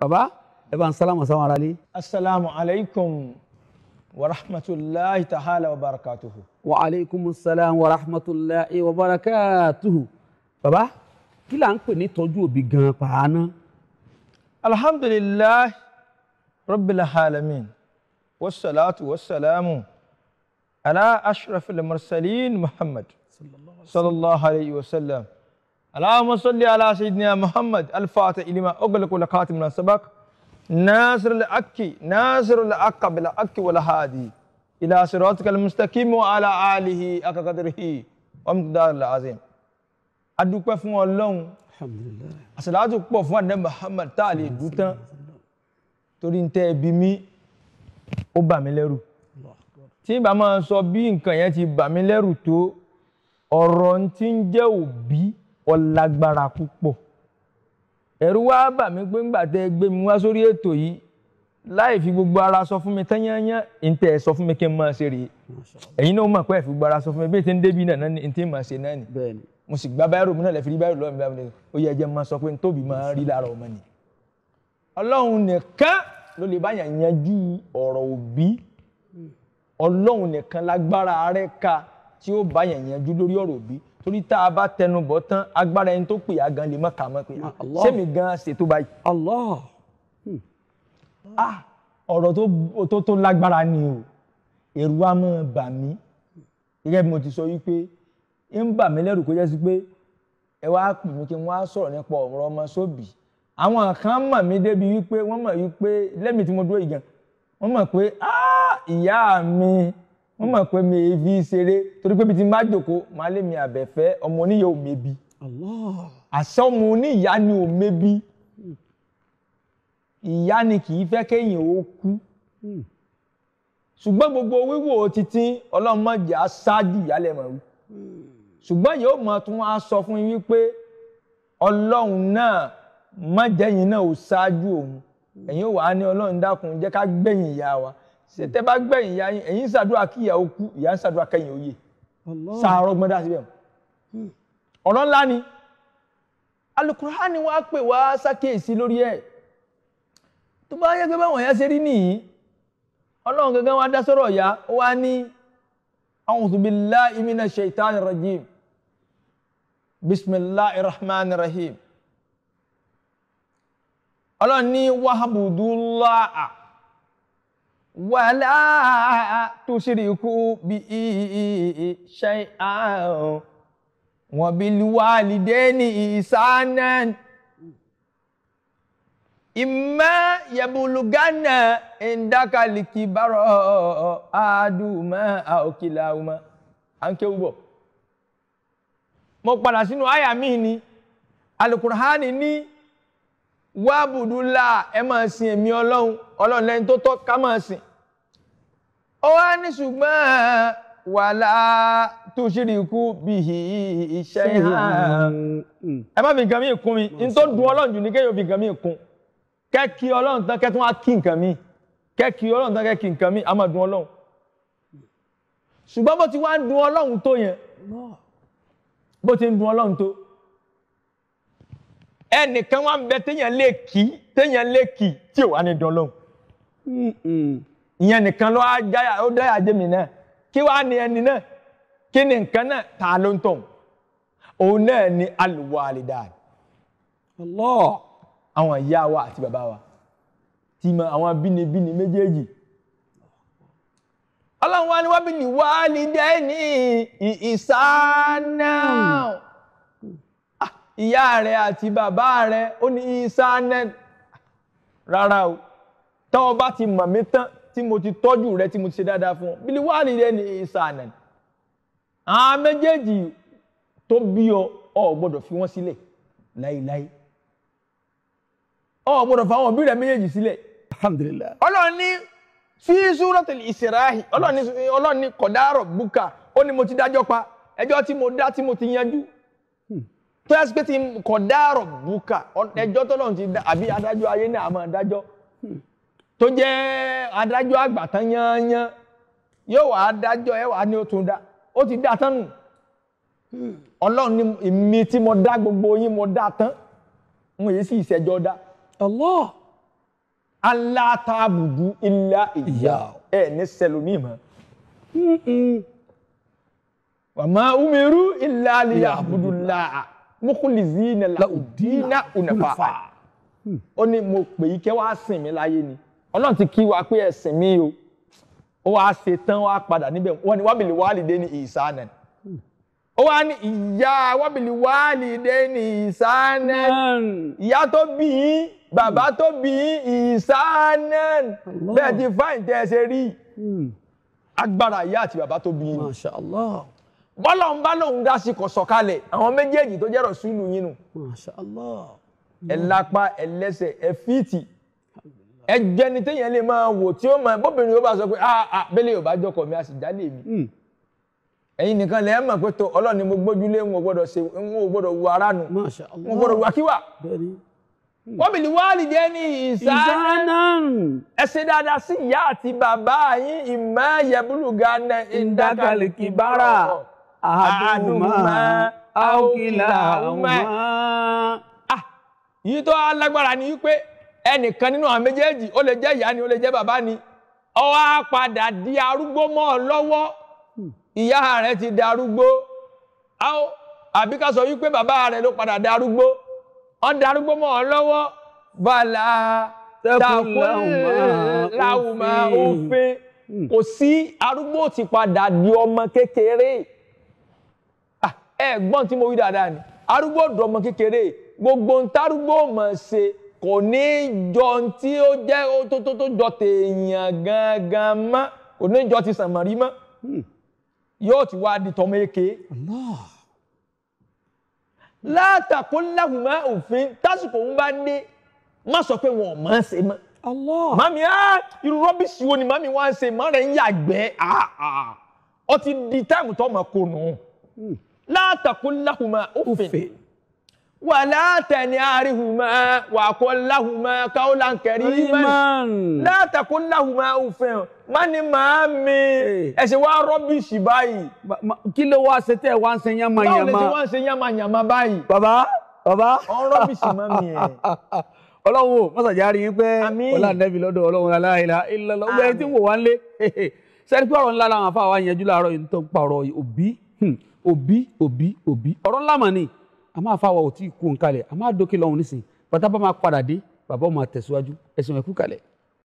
bàbá ẹ bá ń sálámù sáwọn ará lé. asalaamu alaykum wa rahmatulahi ta'ala wa barakatuhu. wa aleykum salaam wa rahmatulahi wa barakatuhu. bàbá kí là ń pè ní tọ́jú òbí gan-an pàánà. alhamdulilayi rabbil alamin wasalaatu wasalaamu ala ashrafil mursalin muhammad sallallahu alayhi wa sallam. اللهم صل على سيدنا محمد الفاتح لما أغلق والخاتم لما سبق ناصر الحق ناصر الحق بالحق والهادي إلى صراطك المستقيم وعلى آله حق قدره ومقدار العظيم adúpẹ́ fún ọlọ́run àṣàlátù pọ̀ fún àdé Muhammad tá a lè dùn tán torí ń tẹ́ ẹbí mi ó bà mí lẹ́rù tí bá máa sọ bí nǹkan yẹn ti bà mí lẹ́rù ó lágbára púpọ̀ ẹ̀rù wá bà mí pé ńgbà tẹ́ gbé mi wá sórí ètò yìí láì fi gbogbo ara sọ fún mi tányányán ntẹ sọ fún mi kí n máa ṣe rèé ẹ̀yin náà mọ̀ pé ẹ fi gbogbo ara sọ fún mi bí n ti ń débi náà ní n ti máa ṣe náà ni mo sì gba báyìí ròmìnà lẹ́fi rí báyìí lọ́wọ́ mi ó yẹ jẹ́ máa sọ pé ntóbi máa rí lára ọmọ ni ọlọ́run nìkan ló lè bá yanjú ọ̀rọ̀ òbí hmm. ọlọ́run nìkan lágbára rẹ̀ ká tí ó bá yanjú lórí ọ̀rọ̀ òbí torí tá a bá tẹnubọ̀ tán agbára ẹni tó pè á gan lè mọ̀ kà mọ́ pé sẹ́mi gan ṣètò báyìí. Allah hmm. ah ọ̀rọ̀ tó tó lágbára ni o ẹ̀rù á máa bà mí gẹ́gẹ́ bí mo ti sọ wípé ń bà mí lẹ́rù kó jẹ́ sí pé ẹ wá pè mí kí wọ́n á sọ̀rọ̀ nípa ọ̀rọ̀ ọmọ sóbì àwọn kan mọ̀ mí débi wípé wọ́n mọ̀ wípé lẹ́mìí tí mo dúró yìí gan wọ́n mọ̀ pé ah ìyá mi. wọ́n mọ̀ pé mi fi ṣeré torí pé mi ti má jòkó máa lé mi àbẹ̀fẹ́ omo oníyà ò mebi àṣẹ ọmọ oníyà ni ò mebi ìyá ni kì í fẹ́ kéèyàn ó kú hmm. ṣùgbọ́n gbogbo wíwò títí ọlọ́mọdé aṣáájú ìyálẹ̀ mọ̀ wí hmm. ṣùgbọ́n yóò mọ̀ tún wá sọ fún yín wípé ọlọ́run náà mọ̀jẹ̀yìn náà ò ṣáájú òun hmm. ẹ̀yin ò wá ní ọlọ́run dákun jẹ́ ká gbẹ̀yìn ìyá wa. ṣe tẹ́ bá gbẹ̀yìn ìyá yín ẹ̀yin ṣàdúrà kí ìyàwó kú ìyá ń ṣàdúrà kẹ́yìn òye sàárọ̀ gbọ́n dá síbẹ̀ hmm. ọ̀rọ̀ ńlá ni alukurani wá pè wá ṣàkíyèsí lórí ẹ̀ tó bá yẹ pé báwọn ẹ̀yà ṣe rí nìyí ọlọ́run gangan wá dá sọ́rọ̀ ọ̀yá ó wá ní a'udhu billahi minash shaitani rajim bismillahir rahmanir rahim ọlọ́run ní wàhábùdúláà wàlá tuṣiriku bí ṣe àrùn wọn bí wàlídé ní ìsánán ìmọ̀ yẹ̀bùlùgánà ìdákàlìkì bárọ̀ àádùmọ̀ àòkìlà ọmọ à ń kéwú bọ̀ mo padà sínú àyà mi ni alukurhani ní wàbùdúlà ẹ máa sin èmi ọlọ́run ọlọ́run lẹ́ni tó tọ́ ká máa sìn ó wá ní ṣùgbọ́n wàlá tó ṣíríkú bí i iṣẹ́ ẹ má fi nǹkan míì kún mi n tó dùn ọlọ́run jù ní kéèyàn fi nǹkan míì kún kẹ́kí ọlọ́run tán kẹ́tún wá kí nǹkan míì kẹ́kí ọlọ́run tán kẹ́kí nǹkan míì á máa dùn ọlọ́run ṣùgbọ́n bó ti wá ń dùn ọlọ́run tó yẹn bó ti ń dùn ọlọ́run tó ẹnìkan wá ń bẹ téèyàn lè kí téèyàn lè kí tí ò wá ní dùn ọlọ́run ìyẹn nìkan ló jáyà ó dáyà jẹ mí náà kí wàá ní ẹni náà kí ni nǹkan náà ta ló ń tàn òun náà ni alùwàlìdà Allah àwọn ìyá wa àti bàbá wa ti mọ àwọn bínibíni méjèèjì ọlọ́run wa ni wọ́n bí ní wàlìdẹ́ ní ìsáná ìyá rẹ àti bàbá rẹ ó ní ìsáná rárá o tọ́ bá ti mọ̀ mí tán tí mo ti tọ́jú rẹ tí mo ti ṣe dáadáa fún ọ bílí wà ní rẹ ní ìsànà àwọn méjèèjì tó bí ọ ọ gbọ́dọ̀ fi wọ́n sílẹ̀ láíláí ọ gbọ́dọ̀ fà wọn òbí rẹ méjèèjì sílẹ̀. alhamdulilayi. ọlọ́run ní sí súrọ́tìlì ìsìráhì ọlọ́run ní kọ̀dárọ̀ búkà ó ní mo ti dájọ́ pa ẹjọ́ tí mo dá tí mo ti yanjú hmm. tó yẹ pé ti kọ̀dárọ̀ búkà ẹjọ́ tọ́lọ́run ti dá àbí adájọ́ ayé náà àmọ́ adájọ́ hmm tó jẹ́ adájọ́ àgbà tán yányán yóò wá adájọ́ ẹ wá ní ó tún dá ó ti dá tán nù ọlọ́run ni èmi tí mo dá gbogbo yín mo dá tán wọn yìí sì ìṣẹ́jọ́ dá. Allah Allah ta'budu ìyá ẹ ní sẹlómi mọ́. wàmà umiru illa liya'budullaha mukhlisina lahu ddina hunafa ó ní mo pè é kẹ́ wá sìn mí láyé ni ọlọ́run ti kí wa pé ẹ̀sìn mi o ó wá ṣe tán wá padà níbẹ̀ wọ́n ní wábìlì wálìdé ní ìsánẹ̀ ó wá ní ìyá wábìlì wálìdé ní ìsánẹ̀ ìyá tó bí i bàbá tó bí i ìsánẹ̀ bẹ́ẹ̀ ti fáìn tẹ́ ẹ ṣe rí hmm. agbára ìyá àti bàbá tó bí i bọ́lá ń bá lòun dá sí kọ̀sọ̀ kalẹ̀ àwọn méjèèjì tó jẹ́rọ̀ sùúlù yín nù ẹ̀ lápá ẹ̀ lẹ́sẹ̀ ẹ̀ fíìtì ẹjẹ́ ni téèyàn lè máa wò tí ó máa bóbìnrin ó bá sọ pé ah ah bẹ́lẹ̀ yóò bá jọkọ̀ mi a sì já lè mi. Hmm. ẹ̀yin nìkan lẹ́yìn mọ̀ pé tó ọlọ́ni mo gbójúlé ń wò gbọ́dọ̀ ṣe ń wò gbọ́dọ̀ wọ ara nù ń wò gbọ́dọ̀ wà kíwà. wọ́n bìlì wáàlì jẹ́ ní ìsáná ẹ dáadáa sí ìyá àti bàbá yín ìmọ̀ yẹ̀bùlù gánà ìdákàlìkì bára àdùnmá àókìlà àwùmá. ni wípé ẹnìkan nínú àwọn méjèèjì ó lè jẹ́ ìyá ni ó lè jẹ́ bàbá ni ọ wá padà di arúgbó mọ́ ọ lọ́wọ́ hmm. ìyá rẹ̀ ti di arúgbó àbí ká sọ wípé bàbá rẹ̀ ló padà di arúgbó ó di arúgbó mọ́ ọ lọ́wọ́ bàlá takùnláwùmá òfin hmm. kò sí arúgbó ti padà di ọmọ kékeré ah, ẹ gbọ́n tí mo wí dáadáa ni arúgbó ọmọ kékeré gbogbo ń tarúgbó mọ̀ ṣe kò ní jọ tí ó jẹ́ tó tó tó jọ tèèyàn gangan mọ́ kò ní jọ ti sànmọ́rí mọ́ hmm. yóò ti wá di tọmọ eke. látàkùn láhùnmá òfin tásìkò ń bá dé má sọ pé wọn ò mọ̀ ṣe mọ́. Allah. Mami ah irú rọ́bìsì wo ni mami wá ń ṣe má rẹ̀ ń yàgbẹ́ ah di táìmù tó ọmọ kò nù. Hmm. látàkùn láhùnmá òfin ولا تنهرهما وقل لهما قولا كريما لا تقل لهما اف má ní màá mi eh. ẹ ṣe wá rọ́bìṣì báyìí. kí ló wá ṣe tẹ́ ẹ wá ń ṣe yánmayànmá. báwo lè ṣe wá ń ṣe yánmayànmá báyìí. bàbá bàbá. ọ̀n rọ́bìṣì má mi ẹ̀. ọlọ́run o mọ́sàjà rí i pé ọlá nẹ́bí lọ́dọ̀ ọlọ́run aláìlá ìlọ́lọ́ ọgbẹ́ ẹni tí a máa fa wa ò tí ì kú nǹkan lẹ̀ a máa dókè lọ́hùn nísìnyí bàtà bá máa padà dé bàbá ò máa ẹ̀sìn ẹ̀kú kalẹ̀.